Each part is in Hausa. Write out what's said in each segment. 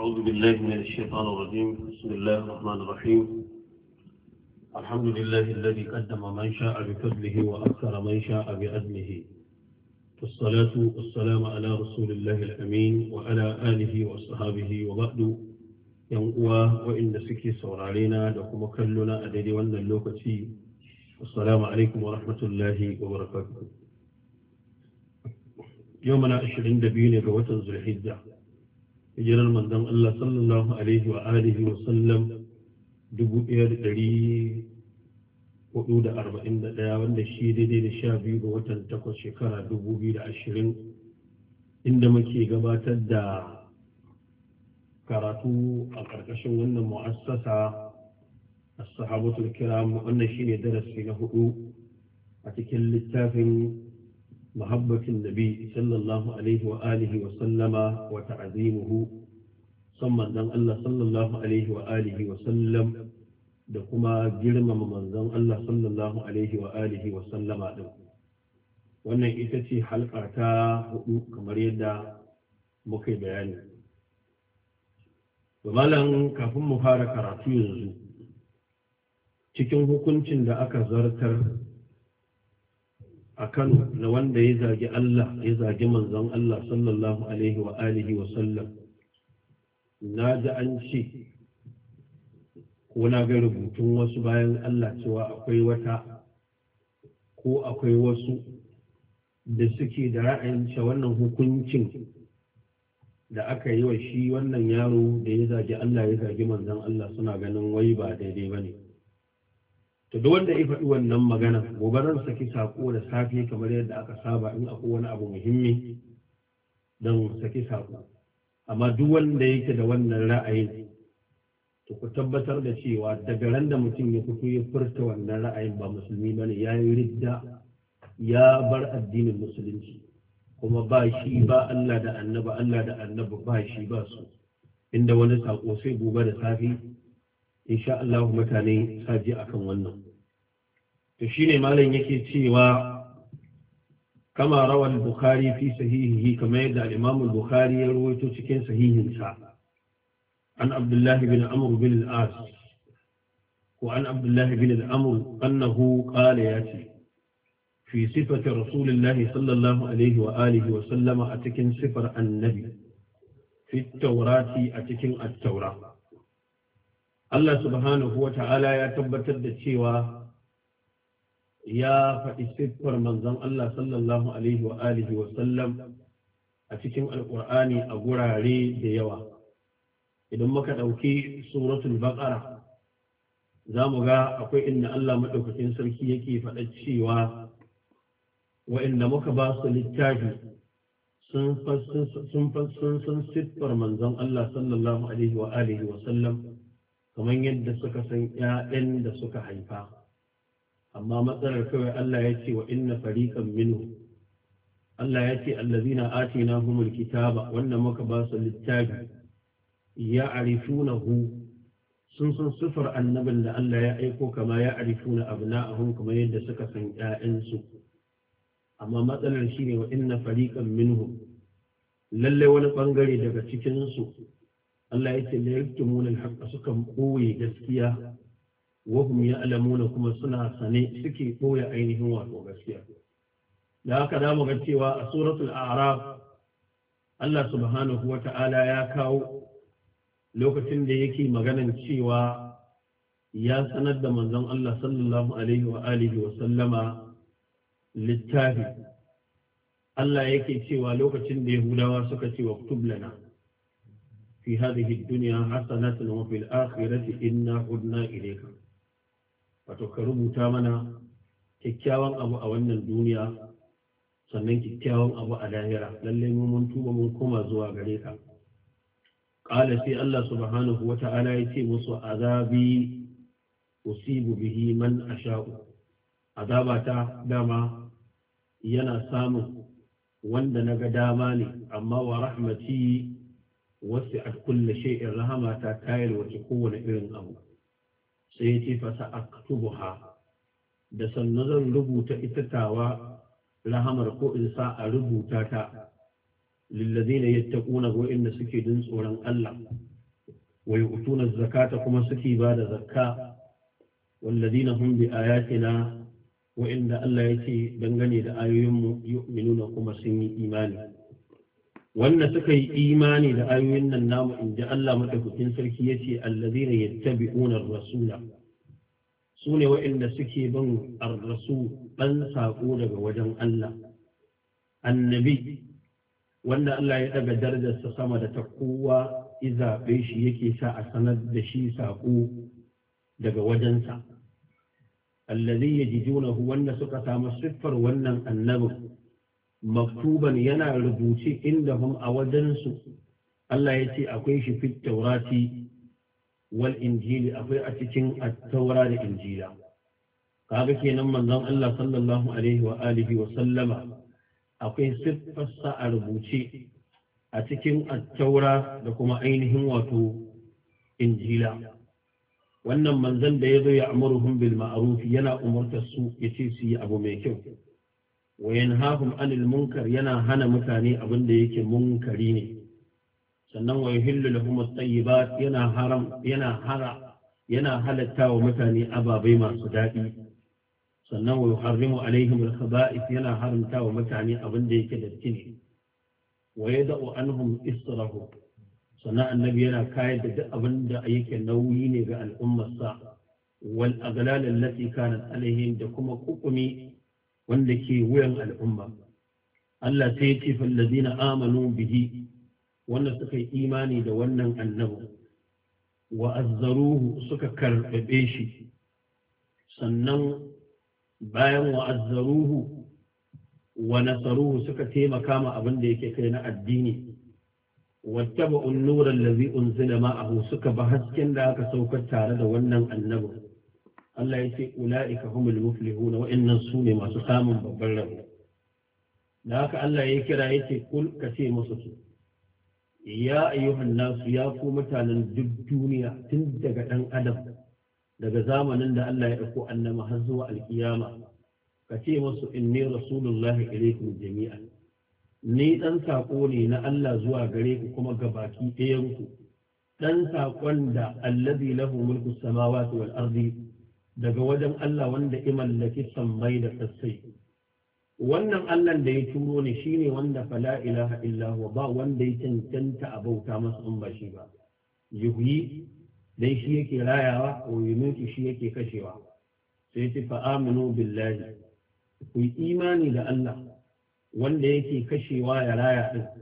أعوذ بالله من الشيطان الرجيم بسم الله الرحمن الرحيم الحمد لله الذي قدم من شاء بفضله وأكثر من شاء بأذنه والصلاة والسلام على رسول الله الأمين وعلى آله وصحابه وبعد ينقوى وإن سكي صور علينا لكم كلنا أدري وأن اللوكتي السلام عليكم ورحمة الله وبركاته يومنا 22 لقوة ذو الحجة hijirar manzon Allah sallallahu alaihi wa alihi wa sallam dubu ɗaya da da da ɗari arba'in ɗaya wanda shi daidai da sha biyu ga watan takwas shekara dubu biyu da ashirin. inda muke gabatar da karatu a ƙarƙashin wannan mu'assasa a sahabatul kiram wannan ne darasi na hudu a cikin littafin محبة النبي صلى الله عليه وآله وسلم وتعظيمه ثم أن الله صلى الله عليه وآله وسلم da kuma girmama manzon Allah sallallahu alaihi wa alihi wa sallama din wannan ita ce halka ta hudu kamar yadda muka bayani malam kafin mu fara karatu yanzu cikin hukuncin da aka zartar a Kano na wanda ya zagi Allah ya zagi manzon Allah sallallahu alaihi wa alihi wa sallam na ji an ce ko na ga rubutun wasu bayan Allah cewa akwai wata ko akwai wasu da suke da ra'ayin cewa wannan hukuncin da aka yi wa shi wannan yaro da ya zagi Allah ya zagi manzon Allah suna ganin wai ba daidai ba ne. to duk wanda ya faɗi wannan magana gobe zan saki sako da safe kamar yadda aka saba in akwai wani abu muhimmi don saki sako amma duk wanda yake da wannan ra'ayin to ku tabbatar da cewa daga ran da mutum ya fito ya furta wannan ra'ayin ba musulmi bane ya yi ridda ya bar addinin musulunci kuma ba shi ba Allah da annaba Allah da annaba ba shi ba su inda wani sako sai gobe da safe insha Allah mutane saji akan wannan to shine malam yake cewa kama rawar bukhari fi sahihihi kamar yadda al-imam bukhari ya rawaito cikin sahihinsa an abdullahi bin Amur bin al-as wa an abdullahi bin Fi amr annahu sallallahu alaihi wa صفة wa الله a cikin عليه annabi. Fi taurati a cikin attaura. Allah أتكن wa Ta'ala ya tabbatar da cewa. ya faɗi siffar manzon Allah sallallahu alaihi wa alihi wa sallam a cikin alƙur'ani a gurare da yawa idan muka ɗauki suratul baqara za mu ga akwai inda Allah maɗaukakin sarki yake faɗa cewa wa'inda muka ba su littafi sun sun siffar manzon Allah sallallahu alaihi wa alihi wa sallam kamar yadda suka san 'ya'yan da suka haifa amma matsalar kawai Allah ya ce wa inna fariqan minhu Allah ya ce allazina atina humul kitaba wanda muka ba su littafi ya arifunahu sun san sufar annabin da Allah ya aiko kama ya arifuna abna'ahum kamar yadda suka san ƴaƴansu amma matsalar shine wa inna fariqan Minhu. lalle wani bangare daga cikin su Allah ya ce la yaktumuna al-haqqa sukan koye gaskiya wahum ya alamuna kuma suna sane suke ɓoye ainihin wato gaskiya da haka za mu ga cewa a suratul a'raf Allah subhanahu wa ta'ala ya kawo lokacin da yake maganan cewa ya sanar da manzon Allah sallallahu alaihi wa alihi wa sallama littafi Allah yake cewa lokacin da Yahudawa suka ce wa lana fi hadhihi ad-dunya hasanatan wa fil akhirati inna hudna ilayka wato ka rubuta mana kyakkyawan abu a wannan duniya sannan kyakkyawan abu a lahira lalle mu mun tuba mun koma zuwa gare ka qala sai Allah subhanahu wata'ala ya ce musu azabi usibu bihi man asha'u azabata dama yana samun wanda naga dama ne amma wa rahmati wasi'at kulli shay'in rahamata tayar wace kowane irin abu sai yace fa sa'aktubuha da sannan zan rubuta ita tawa rahamar ko in sa a rubuta ta lillazina taƙuna ko inda suke jin tsoron Allah wai utuna zakata kuma suke ba da zakka wallazina hum bi ayatina wa inda Allah yake dangane da ayoyin mu yu'minuna kuma sun yi imani wanda suka yi imani da ayoyin nan namu in ji Allah madaukakin sarki ya ce allazina unar rasula su ne waɗanda suke ban ar-rasul ɗan saƙo daga wajen Allah annabi wanda Allah ya ɗaga darajarsa sama da ta kowa izaɓe shi yake sa a sanar da shi saƙo daga wajensa allazi yajidunahu wanda suka samu siffar wannan annabin maktuban yana rubuce indahum a wajensu Allah ya ce akwai shi fit taurati wal injili akwai a cikin attaura da injila kaga kenan manzon Allah sallallahu alaihi wa alihi wa sallama akwai siffarsa a rubuce a cikin attaura da kuma ainihin wato injila wannan manzon da ya zo ya amurhum bil ma'ruf yana umartar su yace su yi abu mai kyau Wayan Hahun anil munkar yana hana mutane abin da yake munkari ne sannan wa yuhillu lahum at-tayyibat yana haram yana hara yana halatta wa mutane ababai masu daɗi sannan wa yuharrimu alaihim al-khaba'ith yana haramta wa mutane abin da yake datti ne wa yada'u anhum israhu sannan annabi yana kayar da duk abin da yake nauyi ne ga al'ummarsa wal aghlal allati kanat alaihim da kuma kukumi wanda ke wuyan al'umma Allah sai ya ce fallazina amanu bihi wanda suka yi imani da wannan annabi wa azzaruhu suka karɓe shi sannan bayan wa azzaruhu wa nasaruhu suka taimaka ma abin da yake kai na addini wattaba'un nuran allazi unzila ma'ahu suka ba hasken da aka saukar tare da wannan annabi Allah ya ce ula'ika humul muflihuna wa'annan su ne masu samun babban rabo da haka Allah ya kira ya ce kul ka ce musu su ya ayyuhan nasu ya ku mutanen duk duniya tun daga ɗan adam daga zamanin da Allah ya ɗauko annama har zuwa alkiyama ka ce musu inni rasulullahi ilaikum jami'an ni ɗan saƙo ne na Allah zuwa gare ku kuma ga baki ɗayan ku ɗan saƙon da allazi lahu mulku samawati wal ardi daga wajen Allah wanda imallaki sammai da sassai wannan Allah da ya turo ne shine wanda fala ilaha illa ba wanda ya cancanta a bauta masu in ba shi ba yuhyi dai shi yake rayawa wa yumitu shi yake kashewa sai ce fa billahi ku imani da Allah wanda yake kashewa ya raya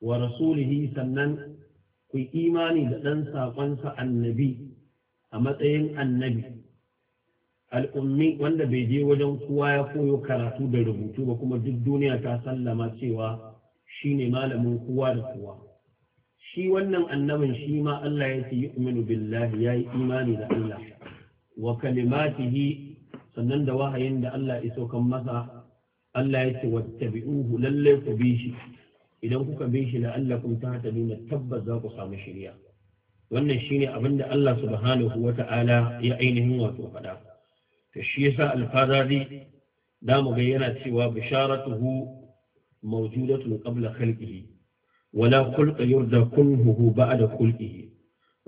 wa rasulihi sannan ku imani da ɗan saƙonsa annabi a matsayin annabi al'ummi wanda bai je wajen kowa ya koyo karatu da rubutu ba kuma duk duniya ta sallama cewa shi ne malamin kowa da kowa shi wannan annabin shi ma Allah ya ce yu'minu billahi ya yi imani da Allah wa kalimatihi sannan da wahayin da Allah ya saukan masa Allah ya ce wattabi'uhu lallai ku bi shi idan kuka bi shi la'allakum tahtaduna tabbas za ku samu shiriya wannan shine abin da Allah subhanahu wata'ala ya ainihin wato faɗa ta shi yasa alfazari da mu ga yana cewa bisharatuhu mawjudatun qabla khalqihi wala khulqa yurda kunhuhu ba'da khulqihi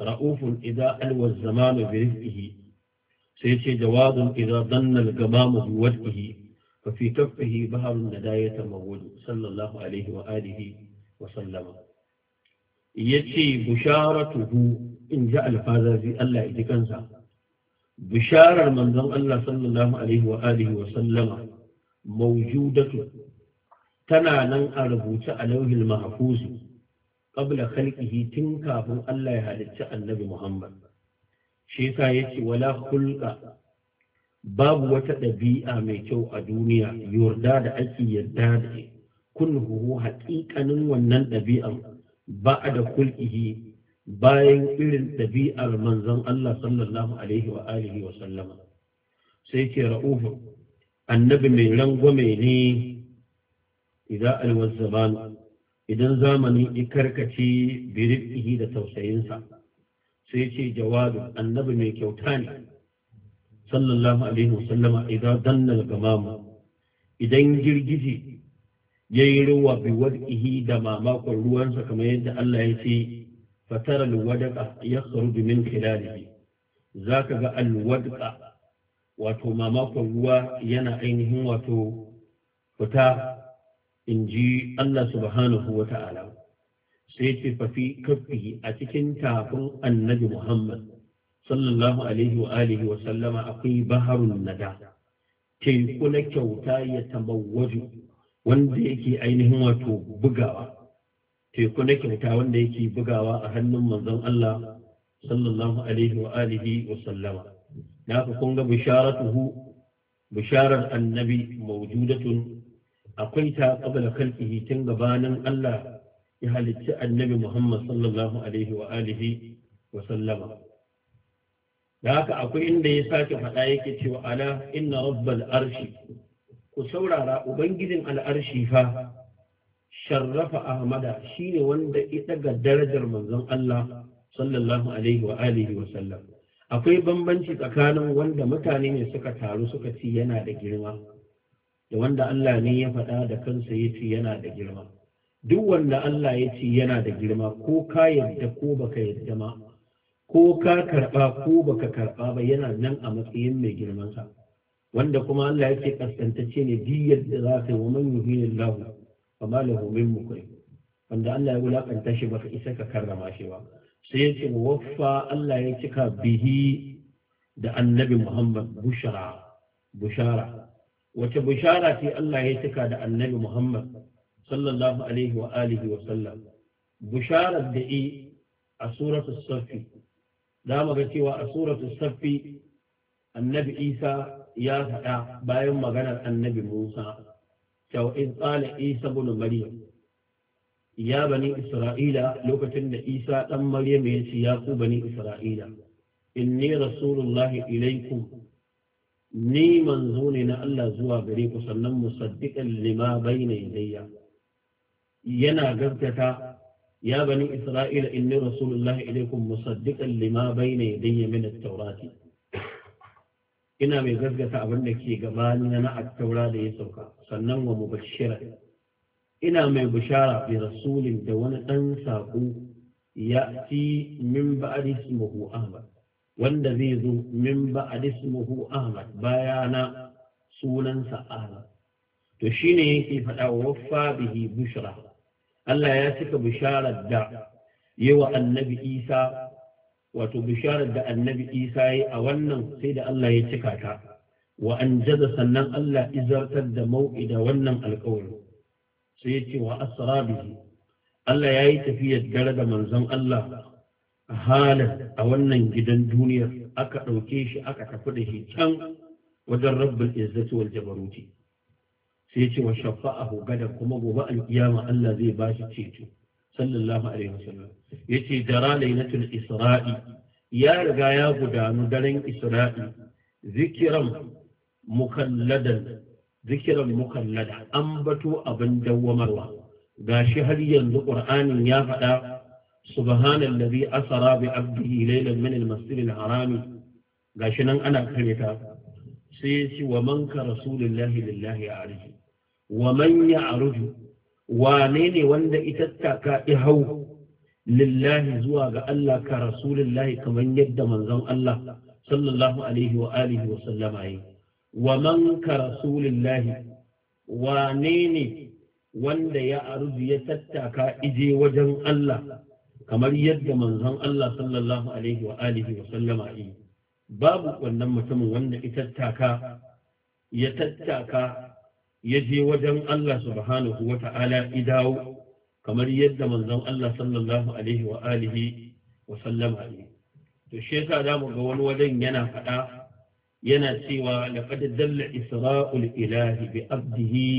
ra'ufun idza alwa zamanu bi rizqihi sai yace jawazun idza danna al-gamamu bi wadhihi fa fi kaffihi baharun nadayata mawud sallallahu alaihi wa alihi wa sallama yace bisharatuhu in ja alfazazi Allah ya ji kansa bisharar manzon Allah sallallahu alaihi wa alihi wa sallama tana nan a rubuce a lauhil mahfuzu qabla khalqihi tun kafin Allah ya halicci annabi Muhammad shi yasa yace wala khulqa babu wata ɗabi'a mai kyau a duniya yurda da ake yarda da kunhuhu haƙiƙanin wannan ɗabi'an ba da kulkihi bayan irin ɗabi'ar manzon Allah sallallahu alaihi wa alihi wa sallama sai ke ra'ufu annabi mai rangwame ne idan alwar zaman idan zamani karkace biribihi da tausayinsa sai ce "Jawadu, annabi mai kyauta ne sallallahu alaihi wa sallama idan dannal gamamu idan girgiji ya yi ruwa biwar ihi da mamakon ruwansa kamar yadda Allah ya ce Fatarar wadaka ya sarudu min khilalihi za ka ga alwadaka wato mamakon ruwa yana ainihin wato fita in ji Allah subhanahu wa ta'ala sai ce fafi kafi a cikin tafin annabi Muhammad sallallahu alaihi wa wa sallama akwai baharun nada teku na kyauta ya tamawwaju wanda yake ainihin wato bugawa teku na kyauta wanda yake bugawa a hannun manzon Allah sallallahu alaihi wa alihi wa sallama na ka kun bisharatuhu bisharar annabi mawjudatun akwai ta qabla khalqihi tun gabanin Allah ya halicci annabi Muhammad sallallahu alaihi wa alihi wa sallama da haka akwai inda ya sake faɗa yake cewa ala inna rabbal arshi ku saurara ubangijin al'arshi fa sharrafa ahmada shine wanda ita darajar manzon Allah sallallahu alaihi wa alihi wa sallam akwai bambanci tsakanin wanda mutane ne suka taru suka ci yana da girma da wanda Allah ne ya faɗa da kansa ya ci yana da girma duk wanda Allah ya ci yana da girma ko ka yarda ko baka yarda ma ko ka karɓa ko baka karɓa ba yana nan a matsayin mai girmansa wanda kuma Allah ya ce kaskantacce ne diyar da za ka yi wa man yuhilillahu fama lahu mu kai wanda Allah ya wulakanta shi baka isa ka karrama shi ba sai ya ce waffa Allah ya cika bihi da annabi Muhammad bushara bushara wace bushara ce Allah ya cika da annabi Muhammad sallallahu alaihi wa alihi wa sallam bushara da i a suratu safi da mu ga cewa a suratu safi annabi Isa ya faɗa bayan maganar annabi Musa cewa in tsala isa bin maryam ya bani isra'ila lokacin da isa dan maryam ya ce ya ku bani isra'ila inni rasulullahi ilaikum ni manzo ne na Allah zuwa gare ku sannan musaddiqan lima bayna yadayya yana gaskata ya bani isra'ila inni rasulullahi ilaikum musaddiqan lima bayna yadayya min at-taurati ina mai gaskata abin da ke gabanina na attaura da ya sauka sannan wa mubashira ina mai bishara bi rasulin da wani dan sako ya fi min ba'ad ismuhu ahmad wanda zai zo min ba'ad ismuhu ahmad bayana sunansa ahmad to shine yake faɗa waffa bihi bushra Allah ya cika bisharar da yawa annabi Isa wato bisharar da annabi isa yi a wannan sai da Allah ya cika ta wa an jaza sannan Allah izartar da mau'ida wannan alkawari sai ya ce wa asra bihi Allah ya yi tafiyar dare da manzon Allah halar a wannan gidan duniyar aka ɗauke shi aka tafi da shi can wajen rabbin izzati wal jabaruti sai ya ce wa shafa'ahu gada kuma gobe alƙiyama Allah zai ba shi ceto sallallahu alaihi wasallam yace jara lailatul isra'i ya riga ya gudanu daren isra'i zikiran mukalladan zikiran mukallada an bato abin dawwamarwa gashi har yanzu qur'anin ya faɗa subhanallazi asara bi abdihi laylan min al-masjidil haram gashi nan ana kareta sai ya ce wa man ka rasulillahi lillahi ya wa man ya aruju wane ne wanda ita taka i hau lillahi zuwa ga Allah ka rasulillahi kamar yadda manzon Allah sallallahu alaihi wa alihi wa sallama yi wa man ka rasulillahi wane ne wanda ya arzu ya tattaka ije wajen Allah kamar yadda manzon Allah sallallahu alaihi wa alihi wa sallama yi babu wannan mutumin wanda ita taka ya tattaka ya je wajen Allah subhanahu wa ta'ala idawo kamar yadda manzon Allah sallallahu alaihi wa alihi wa sallama ne to shi yasa zamu ga wani wajen yana faɗa yana cewa laqad dalla isra'ul ilahi bi abdihi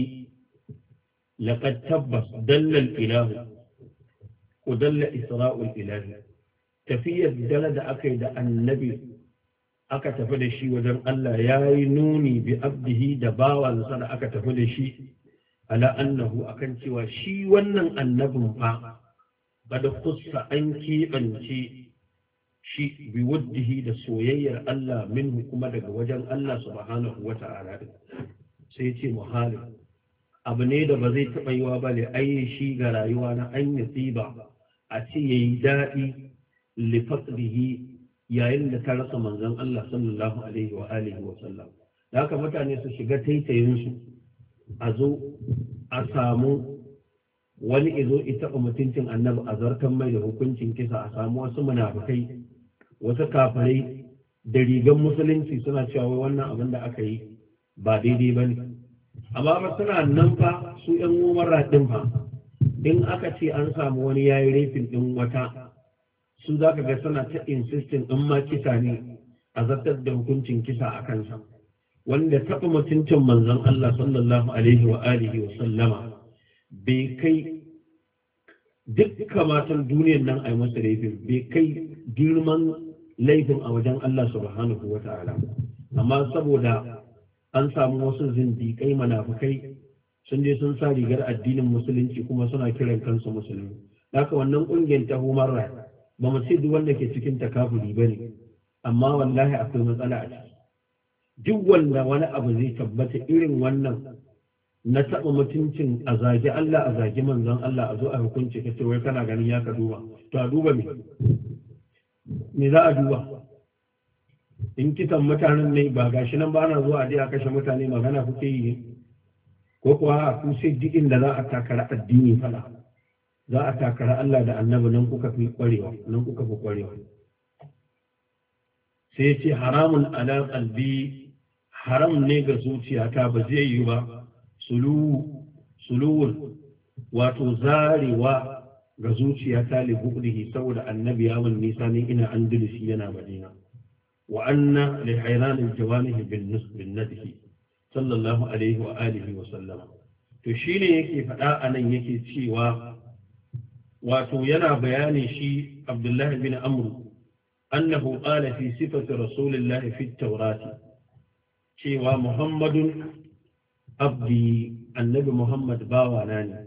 laqad tabbas dalla ilahu Ku dalla isra'ul ilahi tafiyar dala da aka yi da annabi aka tafi da shi wajen Allah ya yi nuni bi abdihi da bawansa da aka tafi da shi ala annahu akan cewa shi wannan annabin fa ba da kusa an keɓance shi bi da soyayyar Allah min kuma daga wajen Allah subhanahu wa ta'ala sai ce muhalin abu ne da ba zai taɓa yiwa ba ne ai shi ga rayuwa na an yi tsiba a ce yayi daɗi lifasrihi yayin da ta rasa manzon Allah sallallahu alaihi wa alihi wa sallam da haka mutane su shiga taitayin su a zo a samu wani izo ita mutuncin annabi a zartan mai da hukuncin kisa a samu wasu munafukai wasu kafarai, da rigan musulunci suna cewa wannan abin da aka yi ba daidai ba ne amma ba suna nan fa su yan umar ɗin fa in aka ce an samu wani yayi rafin ɗin wata su za ka ga suna ta insistin in ma kisa ne a zartar da hukuncin kisa a kansa wanda taɓa mutuncin manzon Allah sallallahu alaihi wa alihi wa sallama bai kai duk matan duniyar nan a yi masa laifin bai kai girman laifin a wajen Allah subhanahu wa ta'ala amma saboda an samu wasu zindiƙai manafukai sun je sun sa rigar addinin musulunci kuma suna kiran kansu musulmi haka wannan ƙungiyar ta human rights ba mu ce duk wanda ke cikin takaburi ba ne amma wallahi akwai matsala a ciki duk wanda wani abu zai tabbata irin wannan na taɓa mutuncin a zagi Allah a zagi manzon Allah a zo a hukunci kace wai kana ganin ya ka duba to a duba me me za a duba in kisan mutanen ne ba gashi nan ba zuwa a a kashe mutane magana kuke yi ko kuwa a sai duk inda za a takara addini fala za a takara Allah da annabi nan kuka fi kwarewa nan kuka fi kwarewa sai ce haramun ala qalbi haram ne ga zuciyata ba zai yi ba sulu wato zarewa ga zuciyata li buɗihi saboda annabi ya yawon nisa ne ina andalusi yana madina wa anna li hayranin jawanihi bin nasbihi sallallahu alaihi wa alihi wa sallam, to shine yake faɗa anan yake cewa wato yana bayani shi abdullahi bin amru annahu qala fi sifati rasulillahi fi tawrati cewa muhammadun abdi annabi muhammad bawana ne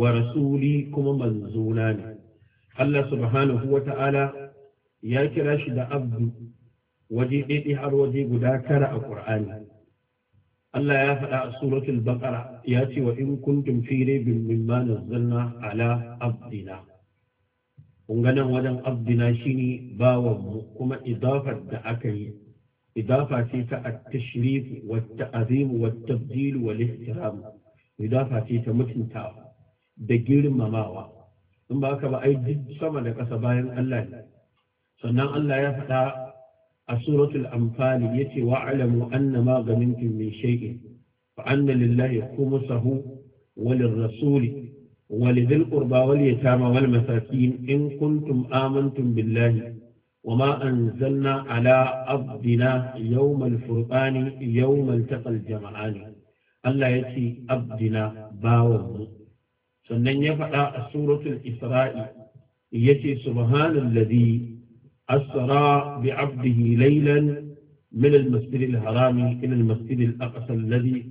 wa rasuli kuma manzuna ne Allah subhanahu wa ta'ala ya kira shi da abdu waje ɗaiɗi har waje guda tara a ƙur'ani Allah ya faɗa a suratul baqara ya ce wa in kuntum fi raibin mimma nazzalna ala abdina kun ga nan wajen abdina shine bawan mu kuma idafar da aka yi idafa ce ta at-tashrif wa at-ta'zim wa at-tabdil wa al-ihtiram idafa ce ta mutuntawa da girmamawa in ba ka ba ai duk sama da ƙasa bayan Allah ne sannan Allah ya faɗa a suratul amfani yace wa'ala wa alamu an na maganin kimmin kuma sahu walin rasuli walidin ƙurba wali ya tama wal masakin in kuntum amintum billahi wa an zanna ala abdina yawmal furqani yawmal taqal jama'ani Allah ya ce abdina bawan sannan ya faɗa a suratul isra'i yace ce subhanallazi أسرى بعبده ليلا من المسجد الحرام إلى المسجد الأقصى الذي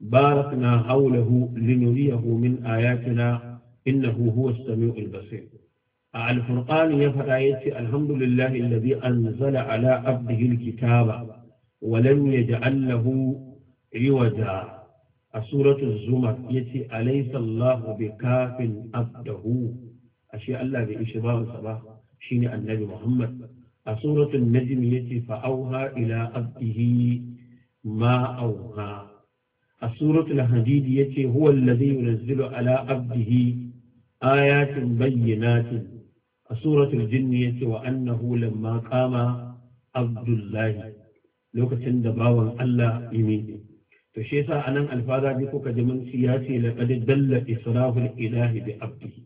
باركنا حوله لنريه من آياتنا إنه هو السميع البصير الفرقان يفعل يتي الحمد لله الذي أنزل على عبده الكتاب ولم يجعل له عوجا سورة الزمر يتي أليس الله بكاف عبده أشياء الله بإشباب صباح shine annabi Muhammad a suratun najm yace ce Fa'auha ila abdihi ma auha a suratul hadid yace huwan alladhi yunzilu ala abdihi ayatin bayyinatin a suratul ya yace wa annahu lamma kama abdullahi lokacin da bawan Allah yi to shi yasa anan alfaza bi kuka ji mun siyasi laqad dalla israful ilahi bi abdihi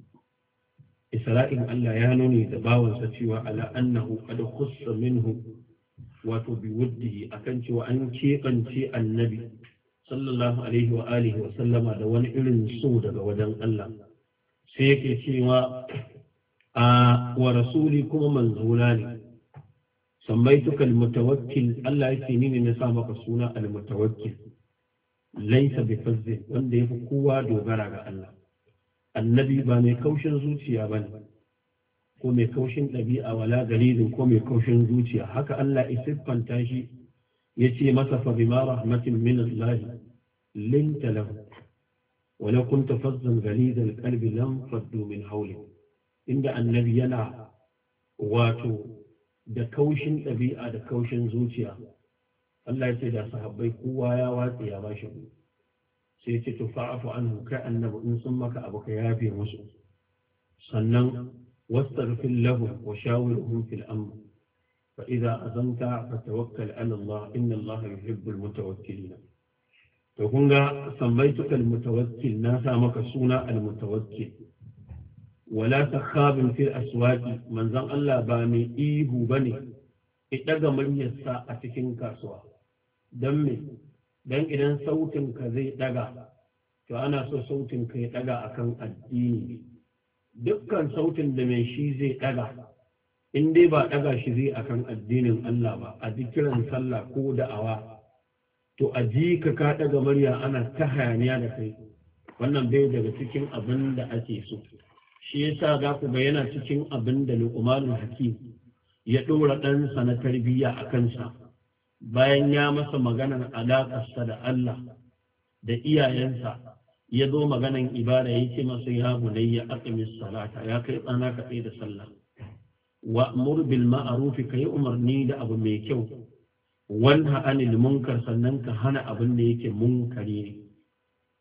isra'in Allah ya nuni da bawansa cewa ala annahu qad khussa minhu wato bi wuddihi akan cewa an keɓance annabi sallallahu alaihi wa alihi wa sallama da wani irin so daga wajen Allah sai yake cewa a wa rasuli kuma manzona ne sammaituka almutawakkil Allah yake ni ne na sa maka suna almutawakkil laisa bi fazzin wanda yafi kowa dogara ga Allah annabi ba mai kaushin zuciya ba ne ko mai kaushin ɗabi'a wala dalilin ko mai kaushin zuciya haka Allah ya siffanta shi ya ce masa fa bima rahmatin min Allah linta lahu wala kun fazzan galidal qalbi lam faddu min hawli inda annabi yana wato da kaushin ɗabi'a da kaushin zuciya Allah ya ce da sahabbai kowa ya watsi ya bashi sai ce to fa'afu anhu kai annabu in sun maka abu ka yafe musu sannan wastaghfir lahu wa shawirhum fil amr fa idza azamta fa tawakkal ala allah inna allah yuhibbul mutawakkilin to kun ga sambaitu kal mutawakkil na sa maka suna al mutawakkil wala takhabin fil aswaqi manzan allah ba mai ihu bane ki daga manyan sa a cikin kasuwa dan me dan idan sautin ka zai daga to ana so sautin ka ya daga akan addini dukkan sautin da mai shi zai daga in dai ba daga shi zai akan addinin Allah ba a dikiran sallah ko da'awa to a ji ka ka daga murya ana ta hayaniya da kai wannan bai daga cikin abin da ake so shi yasa za ku ga yana cikin abin da luqmanul hakim ya dora ɗansa na tarbiyya a kansa bayan ya masa maganar alaƙarsa da Allah da iyayensa ya zo maganan ibada ya ce masa ya bunayya aqimis salata ya kai tsana ka da sallah wa murbil ma'arufi ka yi umarni da abu mai kyau Wani anil munkar sannan ka hana abin da yake munkari ne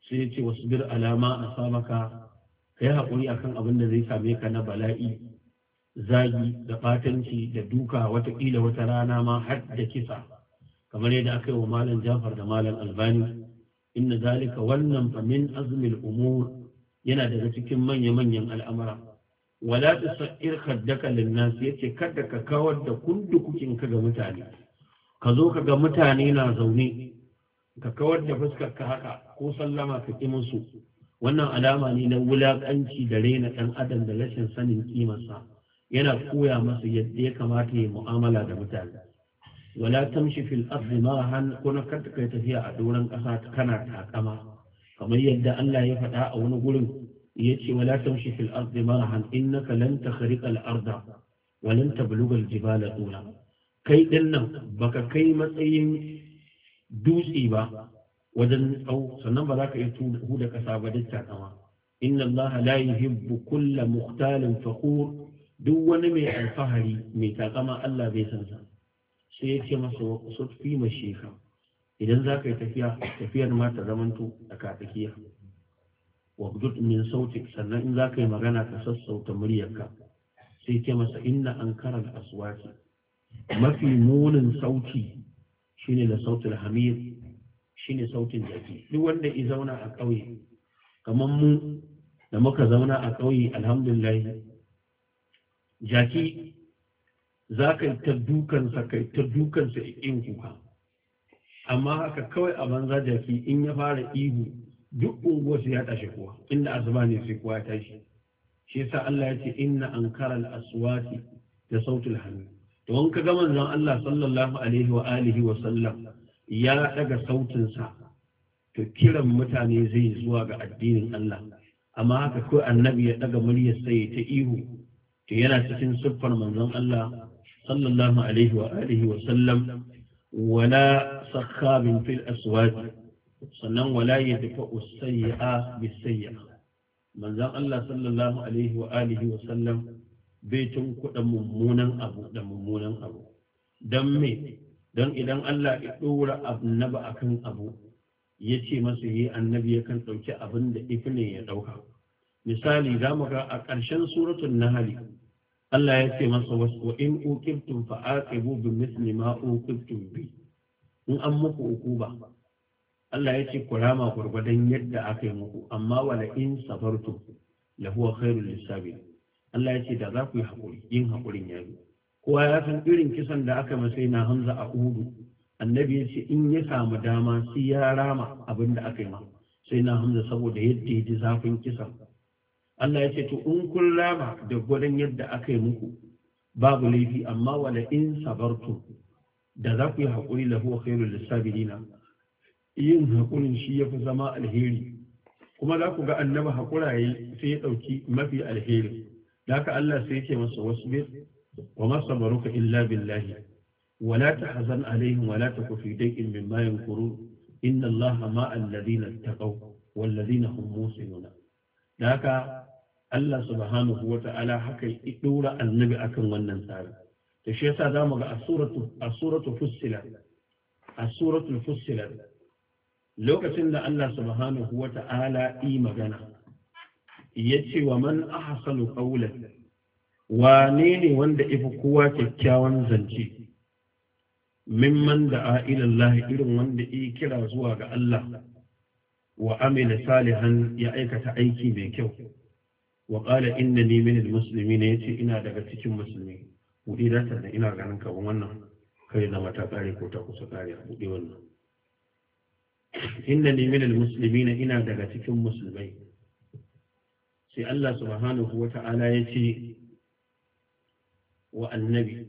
sai ce wasu bir alama a samaka ka yi haƙuri a kan abin da zai same ka na bala'i zagi da fatanci da duka wataƙila wata rana ma har da kisa kamar yadda aka yi wa malam jafar da malam albani inna zalika wannan fa min azmil umur yana daga cikin manya-manyan al'amura wala ta sa'ir lin nas yace kada ka kawar da kundukukin ka ga mutane ka zo ka ga mutane na zaune ka kawar da fuskar ka haka ko sallama ka ki musu wannan alama ne na wulakanci da raina ɗan adam da rashin sanin kimarsa yana koya masa yadda ya kamata ya mu'amala da mutane wala tamshi fil ardi mahan kuna karta kai tafiya a doron ƙasa kana takama kamar yadda Allah ya faɗa a wani gurin ya ce wala tamshi fil ardi ma'rahan innaka lan takhriqa al arda wa lan tabluga al jibala tula kai din nan baka kai matsayin dutse ba wajen tsawo sannan ba za ka iya huda ƙasa ba duk takama inna Allah la yuhibbu kulla mukhtalin fakhur duk wani mai alfahari mai takama Allah bai san sa sai ya ce masa wa kusur fi mashika idan za ka yi tafiya tafiyar ma ta zamanto a katsakiya wa gudud min sautik sannan in za ka yi magana ka sassauta muryarka sai ce masa inna an karar aswaki mafi munin sauti shine da sautin hamir shine sautin jaki duk wanda i zauna a ƙauye kamar mu da muka zauna a ƙauye alhamdulillah jaki za ka yi ta dukansa kai ta dukansa in kuka amma haka kawai a banza jaki in ya fara ihu duk unguwarsu ya tashi kuwa inda asuba ne sai kuwa ya tashi shi yasa Allah ya ce inna ankara al-aswati da sautul hannu. to in ga manzon Allah sallallahu alaihi wa alihi wa sallam ya daga sautin sa to kiran mutane zai zuwa ga addinin Allah amma haka ko annabi ya daga muryar sai ta ihu to yana cikin siffar manzon Allah sallallahu alaihi wa alihi wa sallam wala sakhabin fil aswad sannan wala yadfa'u sayyi'a bis sayyi'a manzon Allah sallallahu alaihi wa alihi wa sallam bai tun kuɗa mummunan abu da mummunan abu don me don idan Allah ɗora annaba akan abu ya ce masa yi annabi yakan ɗauki abin da ifi ne ya ɗauka misali za mu ga a ƙarshen suratun nahali Allah ya ce masa wasu wa in ukibtum fa aqibu bi misli ma ukibtum bi in an muku ba. Allah ya ce ku rama gwargwadon yadda aka yi muku amma wala in sabartum la huwa khairul Allah ya ce da za ku yi hakuri yin hakurin ya zo kowa ya san irin kisan da aka masai na Hamza a Uhud annabi ya ce in ya samu dama sai ya rama abin da aka yi ma sai na Hamza saboda yadda ya ji zafin kisan Allah ya ce to in kun raba da gwadon yadda aka yi muku babu laifi amma wala in sabartum da za ku yi haƙuri da huwa khairul lisabirina yin haƙurin shi ya fi zama alheri kuma za ku ga annaba haƙura yayi sai ya ɗauki mafi alheri da haka Allah sai ce masa wasbir wa ma sabaruka illa billahi wala tahzan alaihim wala taku fi min mimma yankurun inna Allah ma'a alladhina ittaqaw wal ladina hum muhsinun da haka Allah subhanahu wa ta'ala haka ya ɗora annabi akan wannan tsari da shi yasa za mu ga a suratu fussilar a suratul lokacin da Allah subhanahu wa ta'ala yi magana ya ce wa man ahsanu qawlan wane ne wanda ifi kowa kyakkyawan zance mimman da a ilallah irin wanda yi kira zuwa ga Allah wa amina salihan ya aikata aiki mai kyau wa qala innani min almuslimin yace ina daga cikin musulmi buɗe da ta ina ganin ka wannan kai na mata kare ko ta kusa kare a buɗe wannan innani min almuslimin ina daga cikin musulmai sai Allah subhanahu wata'ala yace wa annabi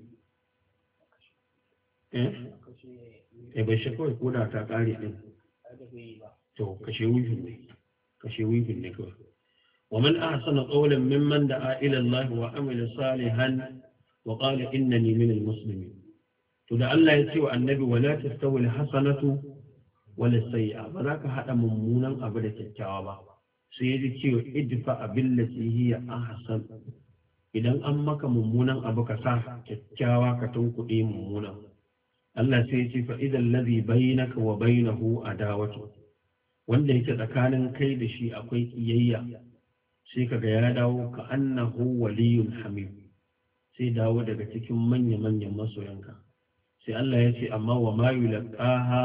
eh bai shi kawai da ta kare din to kashe wifin ne kashe wifin ne kawai ومن أحسن قولا ممن دعا إلى الله وعمل صالحا وقال إنني من المسلمين تدعى الله يتوى النبي ولا تستوي الحسنة ولا السيئة فذاك هذا ممونا أبدا التوابة سيدي تيو ادفع بالتي هي أحسن idan an maka mummunan abu ka sa kyakkyawa ka tunkuɗe mummunan Allah sai ya ce fa idan ladhi bainaka wa bainahu adawatu wanda yake tsakanin kai da shi akwai kiyayya sai kaga ya dawo ka annahu waliyun hamid sai dawo daga cikin manya-manyan masoyanka sai Allah ya ce amma wa ma yulqaha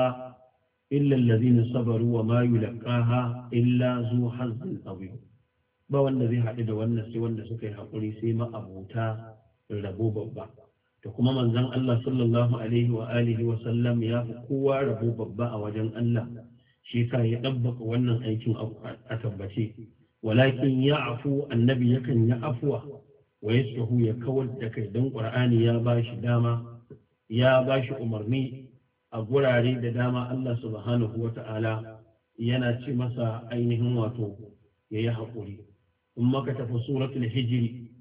illa allazina sabaru wa ma yulqaha illa zu hazzin azim ba wanda zai haɗu da wannan sai wanda suka yi haƙuri sai ma'abuta rabo babba da kuma manzon Allah sallallahu alaihi wa alihi wa sallam ya fi kowa rabo babba a wajen Allah shi ka ya ɗabbaka wannan aikin a tabbace walakin ya afu annabi yakan yi afuwa wa yasfahu ya kawar da kai don qur'ani ya bashi dama ya bashi umarni a gurare da dama Allah subhanahu wata'ala yana ci masa ainihin wato ya yi haƙuri in maka tafi suratul hijiri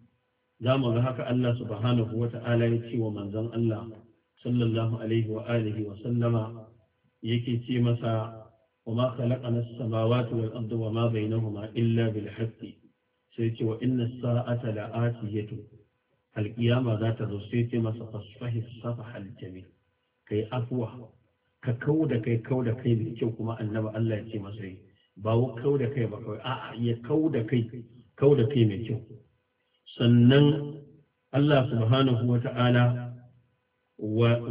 za mu ga haka Allah subhanahu wata'ala ya ce wa manzon Allah sallallahu alaihi wa alihi wa sallama yake ce masa وما خلقنا السماوات والأرض وما بينهما إلا بالحق سيتي وإن الساعة لآتية القيامة ذات الرسيت ما ستصفه الصفح الجميل كي أفوه ككودة كي كودة كي بيتوكما أنما الله يتي مسري باو كودة كي بكوي آآ يكودة كي كودة كي ميتو سنن الله سبحانه وتعالى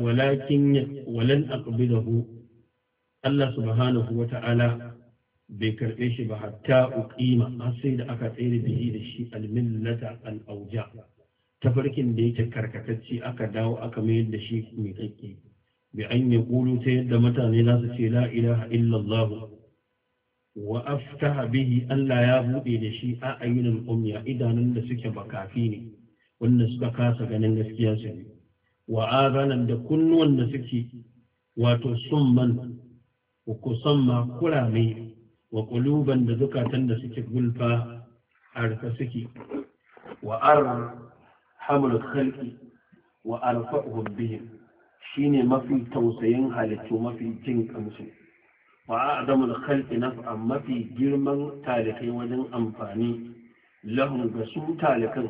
ولكن ولن أقبضه Allah subhanahu wa ta'ala bai karɓe shi ba hatta uƙima. har sai da aka tsere bihi da shi almillata al'auja tafarkin da yake karkatacce aka dawo aka mayar da shi mai kakki bi an kulu ta yadda mutane za su ce la ilaha illallah wa aftaha bihi Allah ya buɗe da shi a ayyunan umya idanun da suke bakafi ne wanda suka kasa ganin gaskiya su ne wa azanan da kunnuwan da suke wato summan wa kusamma kurame wa kuluban da zukatan da suke gulfa a rufe suke wa arhamul khalqi wa arfa'uhum bihim shine mafi tausayin halittu mafi jin kansu wa adamul khalqi naf'an mafi girman talikai wajen amfani lahum ga su talikan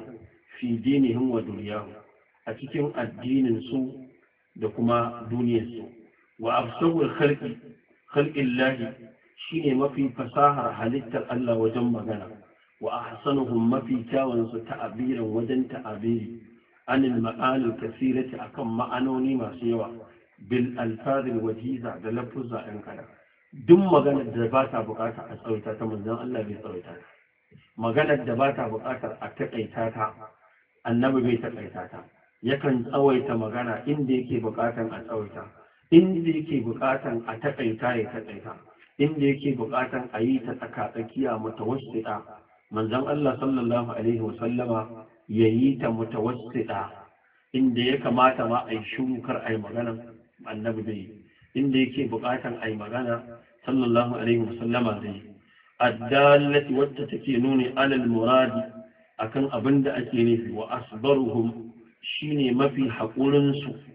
fi dinihim wa dunyahu a cikin addinin su da kuma duniyar su wa afsawul shi shine mafi fasahar halittar Allah wajen magana wa ahsanuhum mafi kyawun su wajen ta'abiri anil ma'anil kasirati akan ma'anoni masu yawa bil alfadil wajiza da lafuzza ɗan kada duk maganar da ba ta bukata a tsawaita ta manzon Allah bai tsawaita ta maganar da ba ta bukatar a takaita ta annabi bai takaita ta yakan tsawaita magana inda yake bukatan a tsawaita inda yake bukatan a takaita ya takaita inda yake bukatan a yi ta tsaka tsakiya mutawassita manzon Allah sallallahu alaihi wasallama ya yi ta mutawassita inda ya kamata ma a yi shiru kar a yi magana annabi bai yi inda yake bukatan a yi magana sallallahu alaihi wasallama zai addalati wacce take nuni alal muradi akan abin da ake nufi wa asbaruhum shine mafi haƙurinsu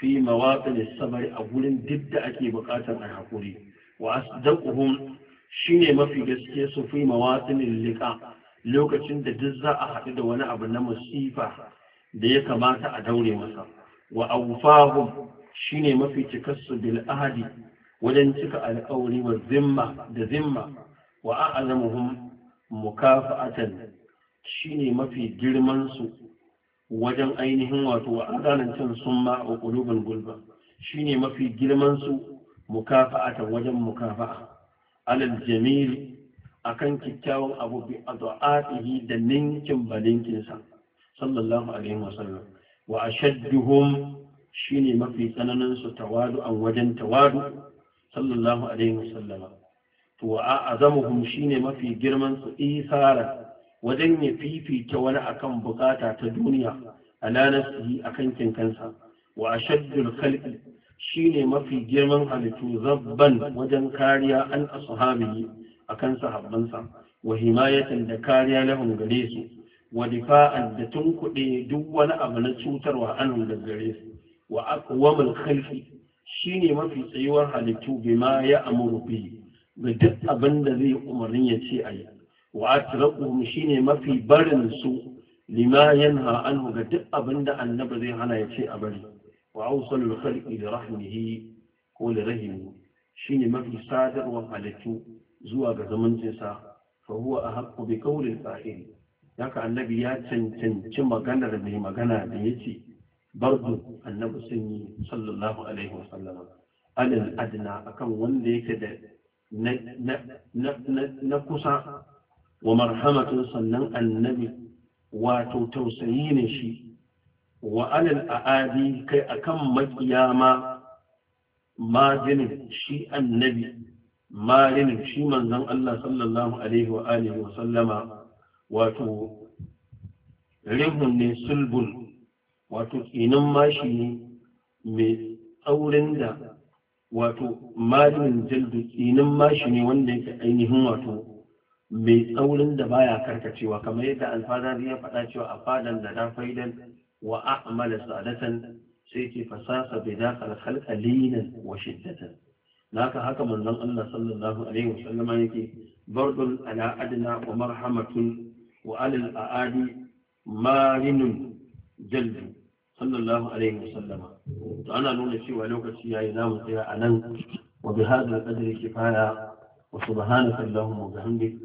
fi mawaqil sabr a gurin duk da ake bukatar a hakuri wa shi shine mafi gaske su fi mawaqil liƙa lokacin da duk za a haɗu da wani abu na musifa da ya kamata a daure masa wa shi shine mafi cikarsu bil ahadi wajen cika alƙawari wa zimma da zimma wa a'lamuhum mukafa'atan shine mafi girman su wajen ainihin wato adanan can summa wa qulubul gulba shine mafi girman su mukafa'atan wajen mukafa'a alal jamil akan kyakkyawan abu bi addu'atihi da ninkin ba ninkinsa. sallallahu alaihi wasallam wa shi ne mafi tsananin su tawadu an wajen tawadu sallallahu alaihi wasallama to wa shi shine mafi girman su isara wajen ya fifita wani akan bukata ta duniya ala nafsihi akan kinkansa wa kalbi khalqi shine mafi girman halittu zabban wajen kariya an a akan sahabbansa wa himayatan da kariya na gare su wa difa'an da tunkuɗe duk wani abu na cutarwa anhum da gare su wa aqwamul shine mafi tsayuwar halittu bima ya amuru bi ga duk abin da zai umarni ya ce a yi wa shine mafi barin su lima yanha anhu ga duk abinda annabi zai hana ya ce a bari wa awsalul khalqi li rahmihi ko li rahimi shine mafi sadarwar halittu zuwa ga zamancinsa fa huwa a bi qawli al Yaka annabi ya cancanci maganar mai magana da yace bardu annabi sun yi sallallahu alaihi wa sallama alal adna akan wanda yake da na kusa wa marhamatun sannan annabi wato tausayi ne shi wa alal a'adi kai akan makiyama majinin shi annabi malinin shi manzon Allah sallallahu alaihi wa alihi wa sallama wato rihun ne sulbun wato tsinan mashi ne mai tsaurin da wato malin jaldu tsinan mashi ne wanda yake ainihin wato mai tsaurin da baya karkacewa kamar yadda alfada ya faɗa cewa a fadan da na faidan wa a'mala sadatan sai ke fasasa bai dakal halka linan wa shiddatan naka haka manzon Allah sallallahu alaihi wasallama yake bardun ala adna wa marhamatun wa alal aadi marinun jalbu sallallahu alaihi wasallama to ana nuna cewa lokaci yayi zamu tsaya anan wa bi hadha qadri kifaya wa subhanaka allahumma wa bihamdika